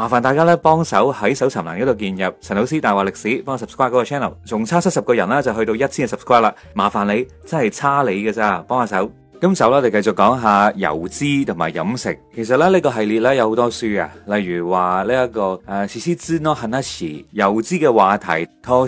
麻煩大家咧，幫手喺搜尋欄嗰度鍵入陳老 C 大話歷史，幫我 subscribe 嗰個 channel，仲差七十個人啦，就去到一千嘅 subscribe 啦。麻煩你，真係差你嘅咋，幫下手。今集呢，我哋繼續講下油脂同埋飲食。其實咧呢個系列咧有好多書啊，例如話呢一個誒，脂肪酸呢，油脂嘅話題，糖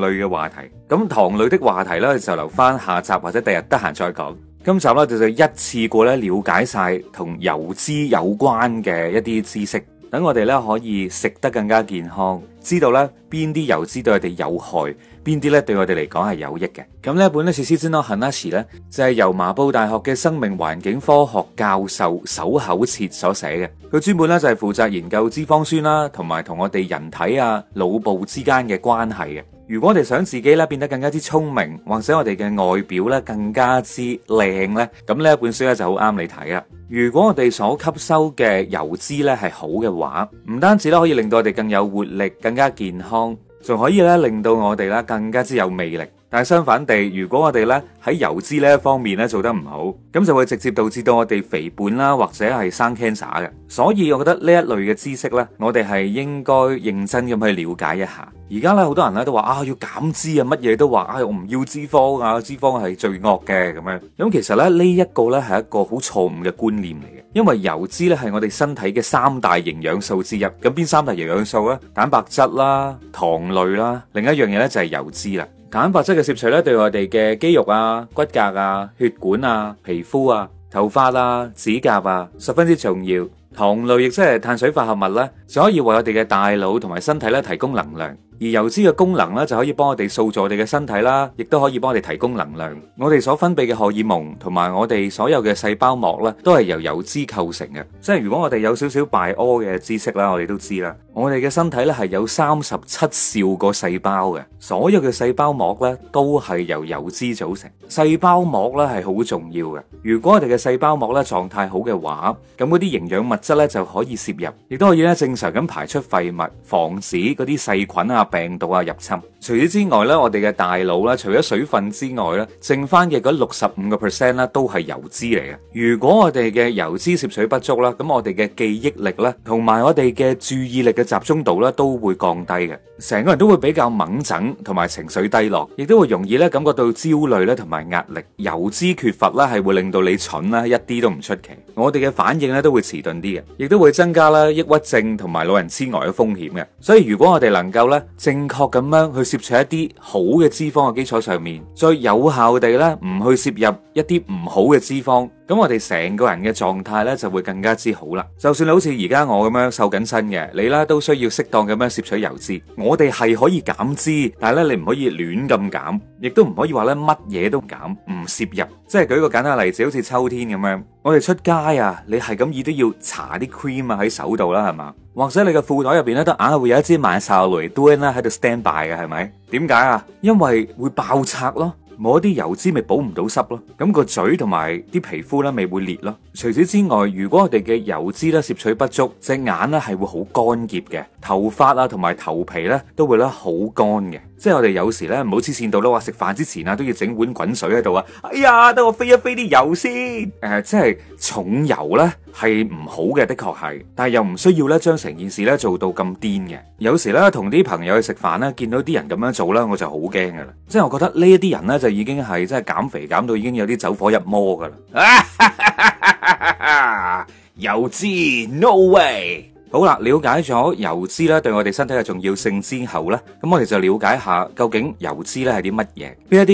類嘅話題。咁糖類的話題咧就留翻下集或者第日得閒再講。今集咧就就一次過咧了解晒同油脂有關嘅一啲知識，等我哋咧可以食得更加健康，知道咧邊啲油脂對我哋有害，邊啲咧對我哋嚟講係有益嘅。咁呢一本咧《設施先咯 Hanashi》咧就係、是、由麻布大學嘅生命環境科學教授守口切所寫嘅，佢專門咧就係負責研究脂肪酸啦，同埋同我哋人體啊腦部之間嘅關係嘅。如果我哋想自己咧變得更加之聰明，或者我哋嘅外表咧更加之靚咧，咁呢一本書咧就好啱你睇啦。如果我哋所吸收嘅油脂咧係好嘅話，唔單止咧可以令到我哋更有活力、更加健康，仲可以咧令到我哋咧更加之有魅力。但係相反地，如果我哋咧喺油脂呢一方面咧做得唔好，咁就會直接導致到我哋肥胖啦，或者係生 cancer 嘅。所以我覺得呢一類嘅知識呢，我哋係應該認真咁去了解一下。而家呢，好多人咧都話啊，要減脂啊，乜嘢都話啊，我唔要脂肪啊，脂肪係罪惡嘅咁樣。咁其實咧呢一個呢，係一個好錯誤嘅觀念嚟嘅，因為油脂呢係我哋身體嘅三大營養素之一。咁邊三大營養素呢？蛋白質啦、糖類啦，另一樣嘢呢就係油脂啦。蛋白質嘅攝取咧，對我哋嘅肌肉啊、骨骼啊、血管啊、皮膚啊、頭髮啊、指甲啊，十分之重要。糖類亦即係碳水化合物咧、啊。所以，為我們的大腦和身體提供能量。而油脂的功能，就可以幫我們塑造我們的身體，也可以幫我們提供能量。我們所分泌的荷爾蒙，和我們所有的細胞膜，都是由油脂構成的。即是如果我們有少少拜歐的知識，我們都知道。我們的身體是有37兆個細胞的。所有的細胞膜，都是由油脂組成。細胞膜是很重要的。如果我們的細胞膜狀態好的話，那些營養物質就可以攝入。也可以正常咁排出廢物，防止嗰啲細菌啊、病毒啊入侵。除此之外咧，我哋嘅大腦啦，除咗水分之外咧，剩翻嘅嗰六十五個 percent 咧，都係油脂嚟嘅。如果我哋嘅油脂攝取不足啦，咁我哋嘅記憶力咧，同埋我哋嘅注意力嘅集中度咧，都會降低嘅。成個人都會比較懵整，同埋情緒低落，亦都會容易咧感覺到焦慮咧，同埋壓力。油脂缺乏啦，係會令到你蠢啦，一啲都唔出奇。我哋嘅反應咧都會遲鈍啲嘅，亦都會增加啦抑鬱症同同埋老人痴呆嘅風險嘅，所以如果我哋能夠咧正確咁樣去攝取一啲好嘅脂肪嘅基礎上面，再有效地咧唔去攝入一啲唔好嘅脂肪。咁我哋成個人嘅狀態呢就會更加之好啦。就算你好似而家我咁樣瘦緊身嘅，你咧都需要適當咁樣攝取油脂。我哋係可以減脂，但係呢你唔可以亂咁減，亦都唔可以話呢乜嘢都減，唔攝入。即係舉個簡單例子，好似秋天咁樣，我哋出街啊，你係咁易都要搽啲 cream 啊喺手度啦，係嘛？或者你嘅褲袋入邊呢都硬係會有一支曼秀雷敦啦喺度 stand by 嘅，係咪？點解啊？因為會爆拆咯。抹啲油脂咪補唔到濕咯，咁個嘴同埋啲皮膚咧咪會裂囉。除此之外，如果我哋嘅油脂咧攝取不足，隻眼咧係會好乾澀嘅，頭髮啊同埋頭皮咧都會咧好乾嘅。即係我哋有時咧唔好黐線到啦，話食飯之前啊都要整碗滾水喺度啊。哎呀，等我飛一飛啲油先。誒、呃，即係重油呢係唔好嘅，的確係。但係又唔需要咧將成件事咧做到咁癲嘅。有時咧同啲朋友去食飯咧，見到啲人咁樣做咧，我就好驚噶啦。即係我覺得呢一啲人咧就已經係真係減肥減到已經有啲走火入魔噶啦。 hahaha，油脂，no way! 好啦，了解咗油脂對我哋身體嘅重要性之後呢，咁我哋就了解下究竟油脂呢係啲乜嘢邊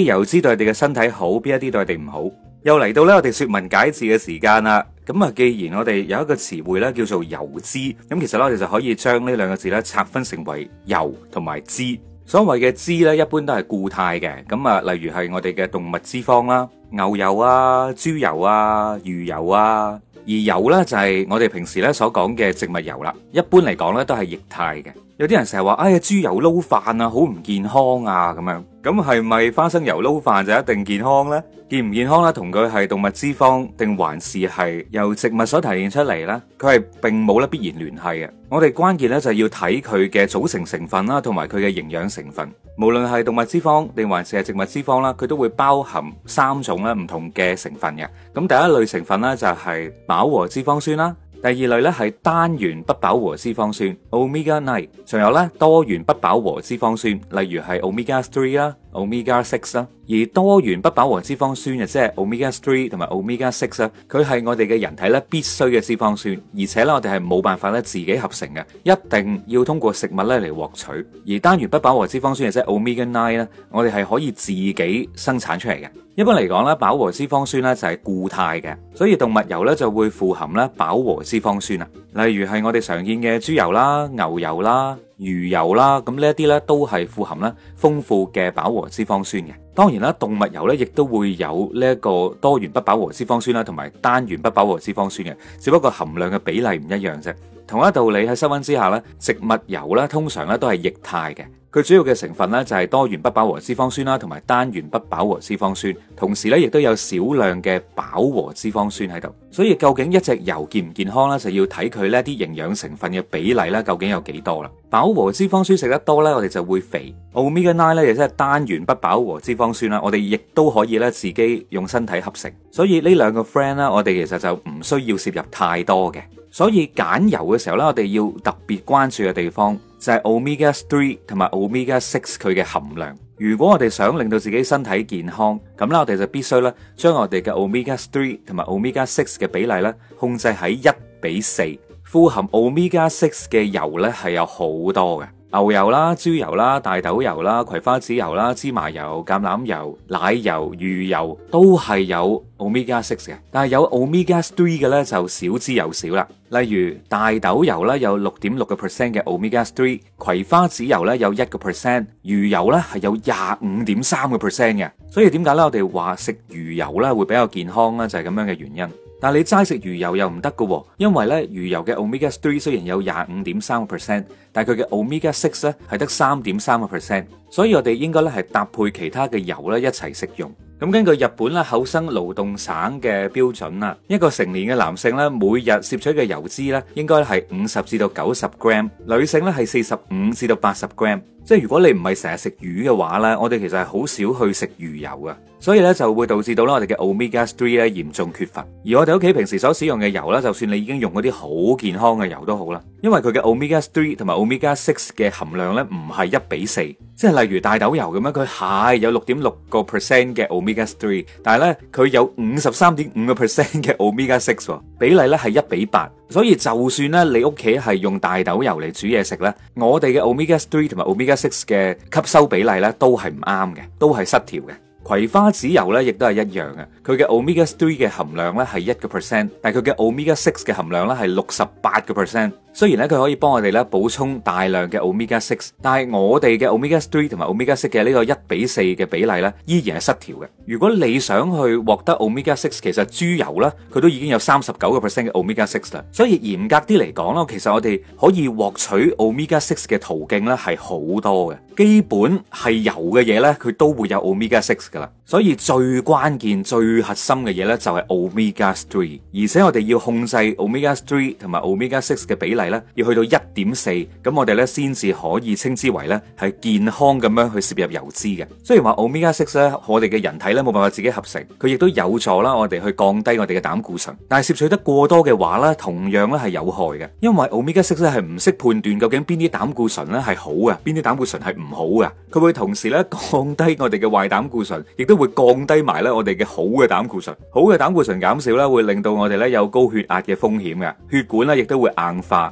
牛油啊、豬油啊、魚油啊，而油呢就係我哋平時呢所講嘅植物油啦。一般嚟講呢都係液態嘅，有啲人成日話，哎呀豬油撈飯啊，好唔健康啊咁樣。咁係咪花生油撈飯就一定健康呢？健唔健康咧？同佢係動物脂肪定還是係由植物所提煉出嚟呢？佢係並冇咧必然聯繫嘅。我哋關鍵咧就要睇佢嘅組成成分啦，同埋佢嘅營養成分。無論係動物脂肪定還是係植物脂肪啦，佢都會包含三種咧唔同嘅成分嘅。咁第一類成分咧就係飽和脂肪酸啦。第二類咧係單元不飽和脂肪酸 （omega nine），仲有咧多元不飽和脂肪酸，例如係 omega three 啦。Omega six 啦，而多元不飽和脂肪酸即係 Omega three 同埋 Omega six 啦，佢係我哋嘅人體咧必須嘅脂肪酸，而且咧我哋係冇辦法咧自己合成嘅，一定要通過食物咧嚟獲取。而單元不飽和脂肪酸即係 Omega nine 咧，我哋係可以自己生產出嚟嘅。一般嚟講咧，飽和脂肪酸咧就係固態嘅，所以動物油咧就會富含啦飽和脂肪酸，例如係我哋常見嘅豬油啦、牛油啦。魚油啦，咁呢一啲呢都係富含啦豐富嘅飽和脂肪酸嘅。當然啦，動物油呢亦都會有呢一個多元不飽和脂肪酸啦，同埋單元不飽和脂肪酸嘅，只不過含量嘅比例唔一樣啫。同一道理，喺室溫之下呢，植物油呢通常呢都係液態嘅，佢主要嘅成分呢就係多元不飽和脂肪酸啦，同埋單元不飽和脂肪酸，同時呢亦都有少量嘅飽和脂肪酸喺度。所以究竟一隻油健唔健康呢，就要睇佢呢啲營養成分嘅比例呢，究竟有幾多啦。飽和脂肪酸食得多呢，我哋就會肥。Omega nine 咧，亦即係單元不飽和脂肪酸啦，我哋亦都可以呢自己用身體合成。所以呢兩個 friend 呢，我哋其實就唔需要攝入太多嘅。所以揀油嘅時候呢，我哋要特別關注嘅地方就係 Omega three 同埋 Omega six 佢嘅含量。如果我哋想令到自己身體健康，咁呢我哋就必須呢將我哋嘅 Omega three 同埋 Omega six 嘅比例呢控制喺一比四。富含 omega six 嘅油咧係有好多嘅，牛油啦、豬油啦、大豆油啦、葵花籽油啦、芝麻油、橄欖油、奶油、魚油都係有 omega six 嘅，但係有 omega three 嘅咧就少之又少啦。例如大豆油咧有六點六個 percent 嘅 omega three，葵花籽油咧有一個 percent，魚油咧係有廿五點三個 percent 嘅。所以點解咧我哋話食魚油咧會比較健康咧就係咁樣嘅原因。但係你齋食魚油又唔得喎，因為咧魚油嘅 omega three 雖然有廿五點三個 percent，但係佢嘅 omega six 咧係得三點三個 percent，所以我哋應該咧係搭配其他嘅油咧一齊食用。咁根據日本咧厚生勞動省嘅標準啊，一個成年嘅男性咧每日攝取嘅油脂咧應該係五十至到九十 gram，女性咧係四十五至到八十 gram。即係如果你唔係成日食魚嘅話咧，我哋其實係好少去食魚油嘅，所以咧就會導致到我哋嘅 omega three 咧嚴重缺乏。而我哋屋企平時所使用嘅油咧，就算你已經用嗰啲好健康嘅油都好啦。因為佢嘅 omega three 同埋 omega six 嘅含量咧唔係一比四，即係例如大豆油咁樣，佢係有六點六個 percent 嘅 omega three，但係咧佢有五十三點五個 percent 嘅 omega six，比例咧係一比八，所以就算咧你屋企係用大豆油嚟煮嘢食咧，我哋嘅 omega three 同埋 omega six 嘅吸收比例咧都係唔啱嘅，都係失調嘅。葵花籽油咧亦都係一樣嘅，佢嘅 omega three 嘅含量咧係一個 percent，但係佢嘅 omega six 嘅含量咧係六十八個 percent。雖然咧佢可以幫我哋咧補充大量嘅 omega 6，但係我哋嘅 omega 3同埋 omega 6嘅呢個一比四嘅比例咧依然係失調嘅。如果你想去獲得 omega 6，其實豬油咧佢都已經有39個 percent 嘅 omega 6啦，所以嚴格啲嚟講啦，其實我哋可以獲取 omega 6嘅途徑咧係好多嘅，基本係油嘅嘢，咧佢都會有 omega 6㗎啦所以最關鍵最核心嘅嘢咧就係 omega 3，而且我哋要控制 omega 3同埋 omega 6嘅比例係咧要去到一點四，咁我哋咧先至可以稱之為咧係健康咁樣去攝入油脂嘅。雖然話 Omega Six 咧，我哋嘅人體咧冇辦法自己合成，佢亦都有助啦我哋去降低我哋嘅膽固醇。但係攝取得過多嘅話咧，同樣咧係有害嘅，因為 Omega Six 咧係唔識判斷究竟邊啲膽固醇咧係好嘅，邊啲膽固醇係唔好嘅。佢會同時咧降低我哋嘅壞膽固醇，亦都會降低埋咧我哋嘅好嘅膽固醇。好嘅膽固醇減少咧，會令到我哋咧有高血壓嘅風險嘅，血管咧亦都會硬化。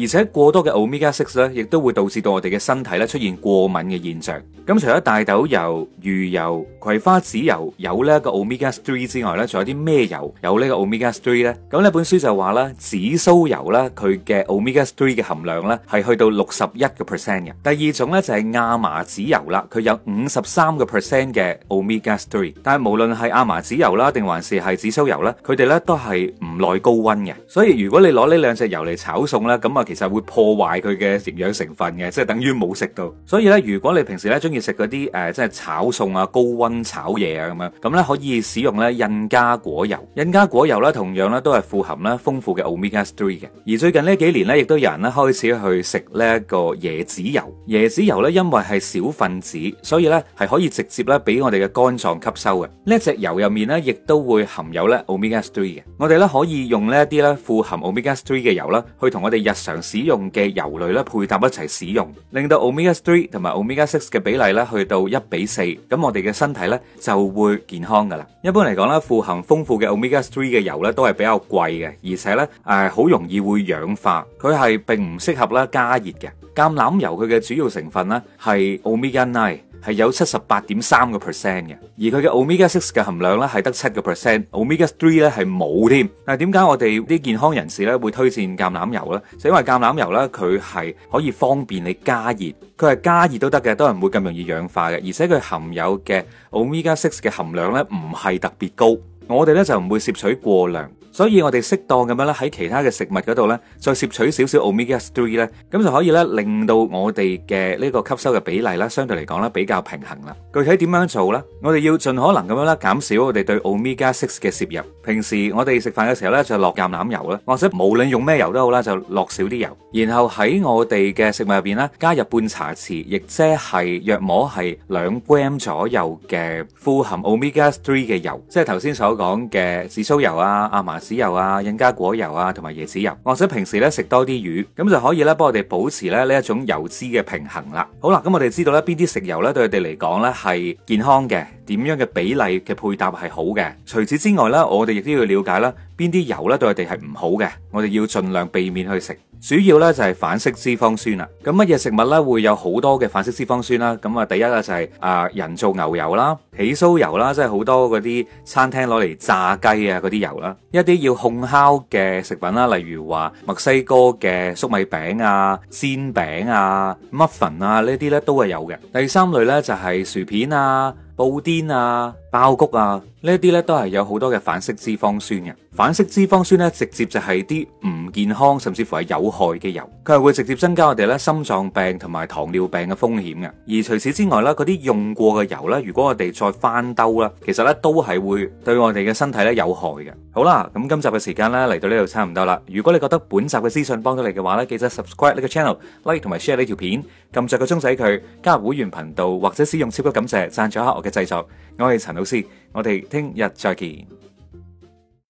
而且過多嘅 Omegasix 咧，亦都會導致到我哋嘅身體咧出現過敏嘅現象。咁除咗大豆油、魚油、葵花籽油有呢一個 Omegathree 之外咧，仲有啲咩油有呢個 Omegathree 咧？咁呢本書就話咧，紫蘇油咧，佢嘅 Omegathree 嘅含量咧係去到六十一個 percent 嘅。第二種咧就係亞麻籽油啦，佢有五十三個 percent 嘅 Omegathree。但係無論係亞麻籽油啦，定還是係紫蘇油咧，佢哋咧都係唔耐高溫嘅。所以如果你攞呢兩隻油嚟炒餸咧，咁啊～其實會破壞佢嘅營養成分嘅，即係等於冇食到。所以咧，如果你平時咧中意食嗰啲誒，即係炒餸啊、高溫炒嘢啊咁樣，咁咧可以使用咧印加果油。印加果油咧，同樣咧都係富含咧豐富嘅 omega three 嘅。而最近呢幾年咧，亦都有人咧開始去食呢一個椰子油。椰子油咧，因為係小分子，所以咧係可以直接咧俾我哋嘅肝臟吸收嘅。呢一隻油入面咧，亦都會含有咧 omega three 嘅。我哋咧可以用呢一啲咧富含 omega three 嘅油啦，去同我哋日常。使用嘅油類咧，配搭一齊使用，令到 omega three 同埋 omega six 嘅比例咧，去到一比四，咁我哋嘅身體咧就會健康噶啦。一般嚟講咧，富含豐富嘅 omega three 嘅油咧，都係比較貴嘅，而且咧誒，好容易會氧化，佢係並唔適合咧加熱嘅。橄欖油佢嘅主要成分咧係 omega nine。係有七十八點三個 percent 嘅，而佢嘅 omega six 嘅含量咧係得七個 percent，omega three 咧係冇添。但點解我哋啲健康人士咧會推薦橄欖油咧？就因為橄欖油咧佢係可以方便你加熱，佢係加熱都得嘅，都係唔會咁容易氧化嘅，而且佢含有嘅 omega six 嘅含量咧唔係特別高，我哋咧就唔會攝取過量。所以我哋適當咁樣咧，喺其他嘅食物嗰度咧，再攝取少少奧米加三咧，咁就可以咧，令到我哋嘅呢個吸收嘅比例咧，相對嚟講咧，比較平衡啦。具體點樣做咧？我哋要盡可能咁樣咧，減少我哋對奧米加六嘅攝入。平時我哋食飯嘅時候咧，就落橄欖油啦，或者無論用咩油都好啦，就落少啲油。然後喺我哋嘅食物入邊咧，加入半茶匙，亦即係約摸係兩 gram 左右嘅富含奧米加三嘅油，即係頭先所講嘅紫蘇油啊、亞麻籽油啊、印加果油啊，同埋椰子油，或者平時咧，食多啲魚，咁就可以咧，幫我哋保持咧呢一種油脂嘅平衡啦。好啦，咁我哋知道咧邊啲食油咧對佢哋嚟講咧係健康嘅，點樣嘅比例嘅配搭係好嘅。除此之外咧，我哋亦都要了解咧邊啲油咧對佢哋係唔好嘅，我哋要盡量避免去食。主要呢就係反式脂肪酸啊，咁乜嘢食物呢？會有好多嘅反式脂肪酸啦，咁啊第一呢就係、是、啊、呃、人造牛油啦、起酥油啦，即係好多嗰啲餐廳攞嚟炸雞啊嗰啲油啦，一啲要烘烤嘅食品啦，例如話墨西哥嘅粟米餅啊、煎餅啊、muffin 啊呢啲呢都係有嘅。第三類呢就係薯片啊、布甸啊。爆谷啊，呢一啲咧都係有好多嘅反式脂肪酸嘅，反式脂肪酸咧直接就係啲唔健康，甚至乎係有害嘅油，佢係會直接增加我哋咧心臟病同埋糖尿病嘅風險嘅。而除此之外啦，嗰啲用過嘅油咧，如果我哋再翻兜啦，其實咧都係會對我哋嘅身體咧有害嘅。好啦，咁今集嘅時間咧嚟到呢度差唔多啦。如果你覺得本集嘅資訊幫到你嘅話咧，記得 subscribe 呢個 channel，like 同埋 share 呢條片，撳着個鐘仔佢，加入會員頻道或者使用超級感謝贊助下我嘅製作。我係陳。老師，我哋聽日再見。